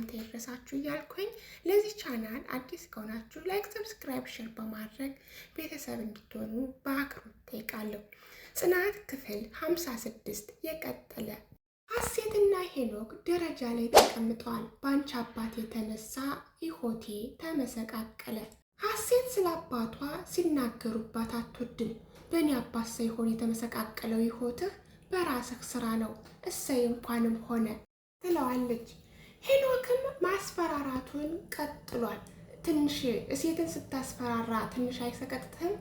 ሰላምታ ይድረሳችሁ እያልኩኝ ለዚህ ቻናል አዲስ ከሆናችሁ ላይክ፣ ሰብስክራይብ፣ ሼር በማድረግ ቤተሰብ እንድትሆኑ በአክብሮት እጠይቃለሁ። ጽናት ክፍል 56 የቀጠለ ሀሴትና ሄኖክ ደረጃ ላይ ተቀምጠዋል። በአንቺ አባት የተነሳ ይሆቴ ተመሰቃቀለ። ሀሴት ስለ አባቷ ሲናገሩባት አትወድም። በእኔ አባት ሳይሆን የተመሰቃቀለው ይሆትህ በራስህ ስራ ነው፣ እሰይ እንኳንም ሆነ ትለዋለች። ሄኖክም ማስፈራራቱን ቀጥሏል። ትንሽ ሴትን ስታስፈራራ ትንሽ አይሰቀጥትህም?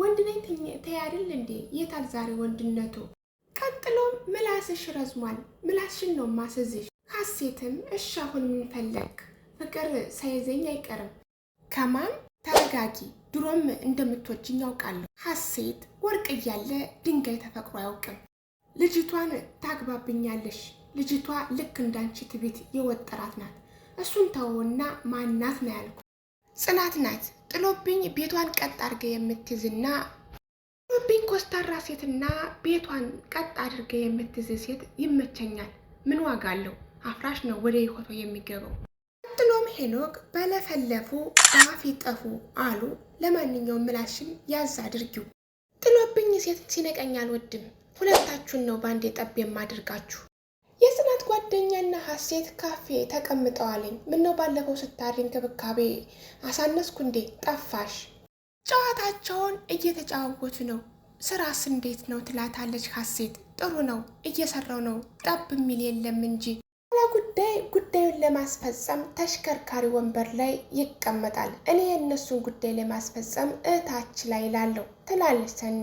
ወንድ ነኝ ተይ አይደል እንዴ? የታል ዛሬ ወንድነቱ? ቀጥሎም ምላስሽ ረዝሟል፣ ምላስሽን ነው ማስዝሽ። ሀሴትም እሺ አሁን ምን ፈለግ? ፍቅር ሳይዘኝ አይቀርም። ከማን ተረጋጊ፣ ድሮም እንደምትወጅ ያውቃለሁ። ሀሴት ወርቅ እያለ ድንጋይ ተፈቅሮ አያውቅም። ልጅቷን ታግባብኛለሽ ልጅቷ ልክ እንዳንቺ ትቢት የወጠራት ናት። እሱን ተውና ማናት ነው ያልኩ። ጽናት ናት ጥሎብኝ ቤቷን ቀጥ አድርገ የምትይዝና ጥሎብኝ ኮስታራ ሴትና ቤቷን ቀጥ አድርገ የምትይዝ ሴት ይመቸኛል። ምን ዋጋ አለው? አፍራሽ ነው ወደ ይሆቶ የሚገባው። ቀጥሎም ሄኖክ በለፈለፉ አፍ ይጠፉ አሉ። ለማንኛውም ምላሽን ያዝ አድርጊው። ጥሎብኝ ሴት ሲነቀኝ አልወድም። ሁለታችሁን ነው ባንዴ ጠብ የማደርጋችሁ። ጓደኛና ሀሴት ካፌ ተቀምጠዋለኝ። ምነው ባለፈው ስታሪ እንክብካቤ አሳነስኩ እንዴ? ጠፋሽ? ጨዋታቸውን እየተጫወቱ ነው። ስራስ እንዴት ነው ትላታለች ሀሴት። ጥሩ ነው፣ እየሰራው ነው፣ ጠብ የሚል የለም እንጂ ጉዳይ ጉዳዩን ለማስፈጸም ተሽከርካሪ ወንበር ላይ ይቀመጣል። እኔ የእነሱን ጉዳይ ለማስፈጸም እታች ላይ ላለው ትላለች ሰኒ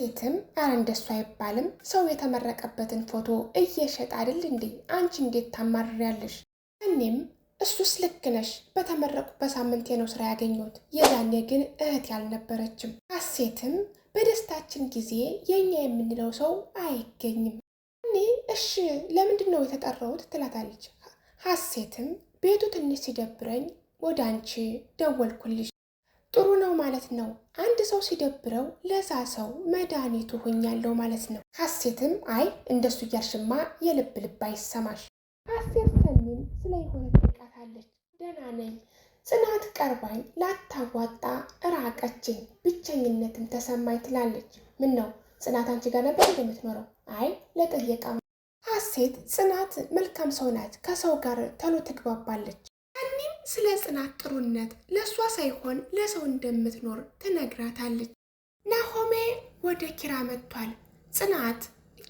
ሴትም አረ እንደሱ አይባልም። ሰው የተመረቀበትን ፎቶ እየሸጠ አይደል እንዴ? አንቺ እንዴት ታማርሪያለሽ? እኔም እሱስ ልክ ነሽ፣ በተመረቁ በሳምንቴ ነው ስራ ያገኘሁት። የዛኔ ግን እህት ያልነበረችም። አሴትም በደስታችን ጊዜ የእኛ የምንለው ሰው አይገኝም። እኔ እሺ ለምንድን ነው የተጠራሁት? ትላታለች። ሀሴትም ቤቱ ትንሽ ሲደብረኝ ወደ አንቺ ደወልኩልሽ ጥሩ ነው ማለት ነው። አንድ ሰው ሲደብረው ለዛ ሰው መድኃኒቱ ሆኛለሁ ማለት ነው። ሀሴትም አይ እንደሱ እያልሽማ የልብ ልብ አይሰማሽ። ሀሴት ሰሚም ስለ የሆነ ትቃታለች። ደህና ነኝ ጽናት ቀርባኝ ላታዋጣ ራቀችኝ፣ ብቸኝነትም ተሰማኝ ትላለች። ምን ነው ጽናት አንቺ ጋር ነበር እንደምትኖረው? አይ ለጥየቃ ሀሴት ጽናት መልካም ሰው ናት። ከሰው ጋር ተሎ ትግባባለች። ስለ ጽናት ጥሩነት ለእሷ ሳይሆን ለሰው እንደምትኖር ትነግራታለች። ናሆሜ ወደ ኪራ መጥቷል። ጽናት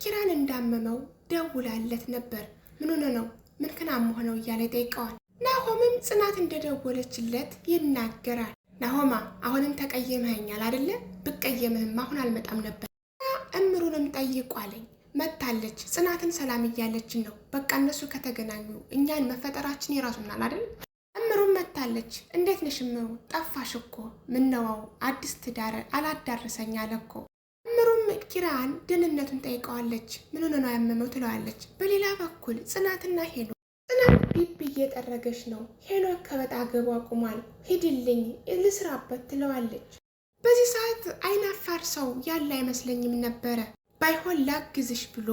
ኪራን እንዳመመው ደውላለት ነበር። ምን ሆነ ነው ምን ክናም ሆነው እያለ ይጠይቀዋል። ናሆምም ጽናት እንደደወለችለት ይናገራል። ናሆማ አሁንም ተቀየመኛል አደለ? ብቀየምህም አሁን አልመጣም ነበር። እምሩንም ጠይቋለኝ መታለች። ጽናትን ሰላም እያለችን ነው። በቃ እነሱ ከተገናኙ እኛን መፈጠራችን የራሱናል አደል? እምሩም መታለች። እንዴት ነሽ እምሩ? ጠፋሽ እኮ ምነዋው አዲስ ትዳር አላዳረሰኝ አለ እኮ። እምሩም ኪራን ደህንነቱን ጠይቀዋለች። ምን ሆነ ነው ያመመው ትለዋለች። በሌላ በኩል ጽናትና ሄኖ ጽናት ቢብ እየጠረገች ነው። ሄሎ ከበጣ ገቡ አቁሟል። ሂድልኝ ልስራበት ትለዋለች። በዚህ ሰዓት አይናፋር ሰው ያለ አይመስለኝም ነበረ ባይሆን ላግዝሽ ብሎ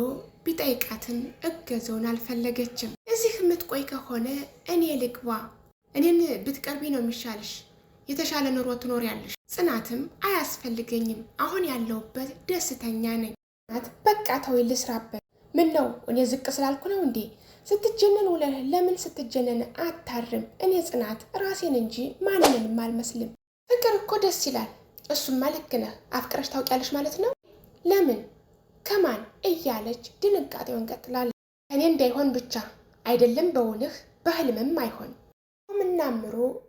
ቢጠይቃትም እገዘውን አልፈለገችም። እዚህ የምትቆይ ከሆነ እኔ ልግባ እኔን ብትቀርቢ ነው የሚሻልሽ፣ የተሻለ ኑሮ ትኖሪያለሽ። ጽናትም አያስፈልገኝም፣ አሁን ያለውበት ደስተኛ ነኝ። ጽናት በቃ ተው ልስራበት። ምን ነው እኔ ዝቅ ስላልኩ ነው እንዴ? ስትጀነን ውለህ ለምን ስትጀነን አታርም? እኔ ጽናት ራሴን እንጂ ማንንም አልመስልም። ፍቅር እኮ ደስ ይላል። እሱማ ልክ ነህ። አፍቅረሽ ታውቂያለሽ ማለት ነው? ለምን ከማን እያለች ድንጋጤውን ቀጥላለች። እኔ እንዳይሆን ብቻ አይደለም በውልህ በህልምም አይሆን እና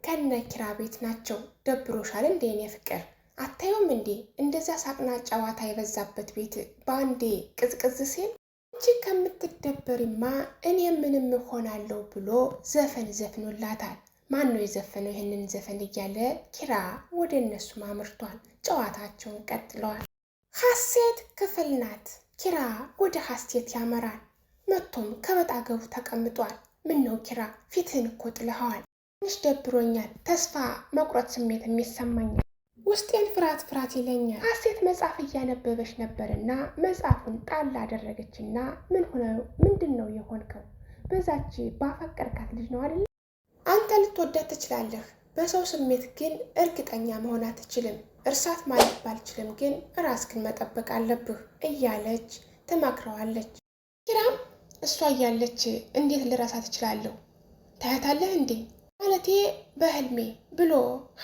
ከነ ኪራ ቤት ናቸው። ደብሮሻል እንዴ የኔ ፍቅር? አታዩም እንዴ እንደዚያ ሳቅና ጨዋታ የበዛበት ቤት በአንዴ ቅዝቅዝ ሲል እንጂ ከምትደበሪማ እኔ ምንም እሆናለሁ ብሎ ዘፈን ዘፍኖላታል። ማን ነው የዘፈነው ይህንን ዘፈን? እያለ ኪራ ወደ እነሱም አምርቷል። ጨዋታቸውን ቀጥለዋል። ሀሴት ክፍል ናት። ኪራ ወደ ሀሴት ያመራል። መጥቶም ከበጣገቡ ተቀምጧል። ምን ነው ኪራ ፊትህን እኮ ጥለኸዋል ትንሽ ደብሮኛል። ተስፋ መቁረጥ ስሜት የሚሰማኛል። ውስጤን ፍርሃት ፍርሃት ይለኛል። ሀሴት መጽሐፍ እያነበበች ነበርና መጽሐፉን ጣል አደረገችና ምን ሆነው ምንድን ነው የሆንከው? በዛች ባፈቀርካት ልጅ ነው አይደለም? አንተ ልትወዳት ትችላለህ። በሰው ስሜት ግን እርግጠኛ መሆን አትችልም። እርሳት ማለት ባልችልም ግን ግን መጠበቅ አለብህ እያለች ትመክረዋለች። ኪራም እሷ እያለች እንዴት ልረሳት እችላለሁ? ታያታለህ እንዴ ማለቴ በህልሜ ብሎ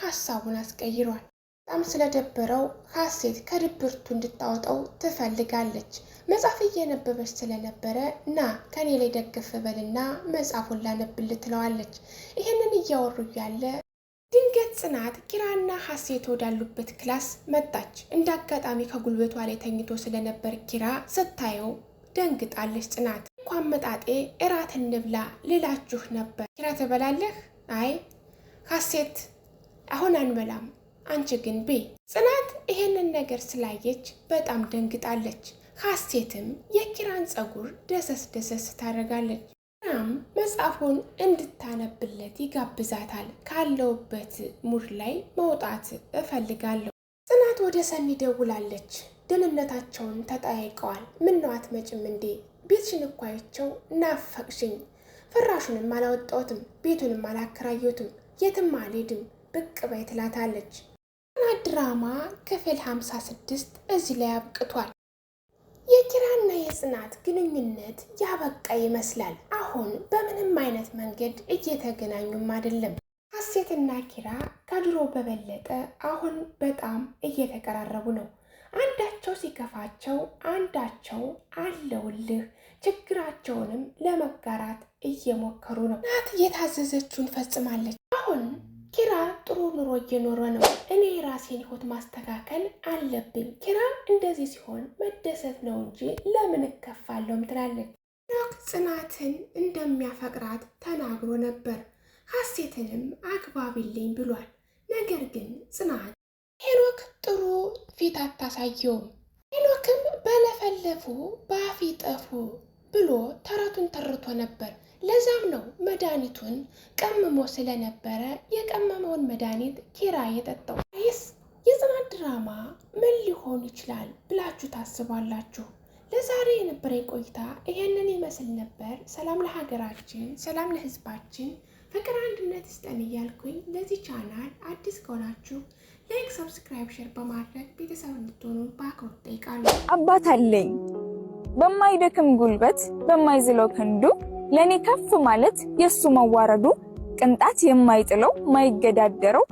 ሀሳቡን አስቀይሯል። በጣም ስለደበረው ሀሴት ከድብርቱ እንድታወጣው ትፈልጋለች። መጽሐፍ እየነበበች ስለነበረ ና ከኔ ላይ ደግፍ በልና መጽሐፉን ላነብል ትለዋለች። ይህንን እያወሩ እያለ ድንገት ጽናት ኪራና ሀሴት ወዳሉበት ክላስ መጣች። እንደ አጋጣሚ ከጉልበቷ ላይ ተኝቶ ስለነበር ኪራ ስታየው ደንግጣለች። ጽናት እንኳን መጣጤ እራት እንብላ ልላችሁ ነበር። ኪራ ትበላለህ አይ ካሴት አሁን አንበላም፣ አንቺ ግን ቤ ጽናት ይሄንን ነገር ስላየች በጣም ደንግጣለች። ካሴትም የኪራን ጸጉር ደሰስ ደሰስ ታደርጋለች። ኪራም መጽሐፉን እንድታነብለት ይጋብዛታል። ካለውበት ሙድ ላይ መውጣት እፈልጋለሁ። ጽናት ወደ ሰኒ ደውላለች። ደህንነታቸውን ተጠያይቀዋል። ምነው አትመጭም እንዴ? ቤትሽን እኮ አይቼው ናፈቅሽኝ ፍራሹንም አላወጣሁትም፣ ቤቱንም አላከራየሁትም፣ የትም አልሄድም ብቅ በይ ትላታለች። ና ድራማ ክፍል 56 እዚህ ላይ አብቅቷል። የኪራና የጽናት ግንኙነት ያበቃ ይመስላል። አሁን በምንም አይነት መንገድ እየተገናኙም አይደለም። ሀሴትና ኪራ ከድሮ በበለጠ አሁን በጣም እየተቀራረቡ ነው። አንዳቸው ሲከፋቸው አንዳቸው አለውልህ ችግራቸውንም ለመጋራት እየሞከሩ ነው። ናት የታዘዘችውን ፈጽማለች። አሁን ኪራ ጥሩ ኑሮ እየኖረ ነው። እኔ የራሴን ሆት ማስተካከል አለብኝ። ኪራ እንደዚህ ሲሆን መደሰት ነው እንጂ ለምን እከፋለሁም ትላለች። ኖክ ጽናትን እንደሚያፈቅራት ተናግሮ ነበር። ሀሴትንም አግባቢልኝ ብሏል። ነገር ግን ጽናት ሄኖክ ጥሩ ፊት አታሳየውም። ሄኖክም በለፈለፉ በአፊ ጠፉ ብሎ ተረቱን ተርቶ ነበር። ለዛም ነው መድኃኒቱን ቀምሞ ስለነበረ የቀመመውን መድኃኒት ኪራ የጠጣው። ይስ የጽናት ድራማ ምን ሊሆን ይችላል ብላችሁ ታስባላችሁ? ለዛሬ የነበረኝ ቆይታ ይሄንን ይመስል ነበር። ሰላም ለሀገራችን፣ ሰላም ለሕዝባችን፣ ፍቅር አንድነት ይስጠን እያልኩኝ ለዚህ ቻናል አዲስ ከሆናችሁ ላይክ፣ ሰብስክራይብ፣ ሼር በማድረግ ቤተሰብ እንድትሆኑ በአክብሮት እጠይቃለሁ። አባት አለኝ በማይደክም ጉልበት በማይዝለው ክንዱ ለእኔ ከፍ ማለት የእሱ መዋረዱ ቅንጣት የማይጥለው ማይገዳደረው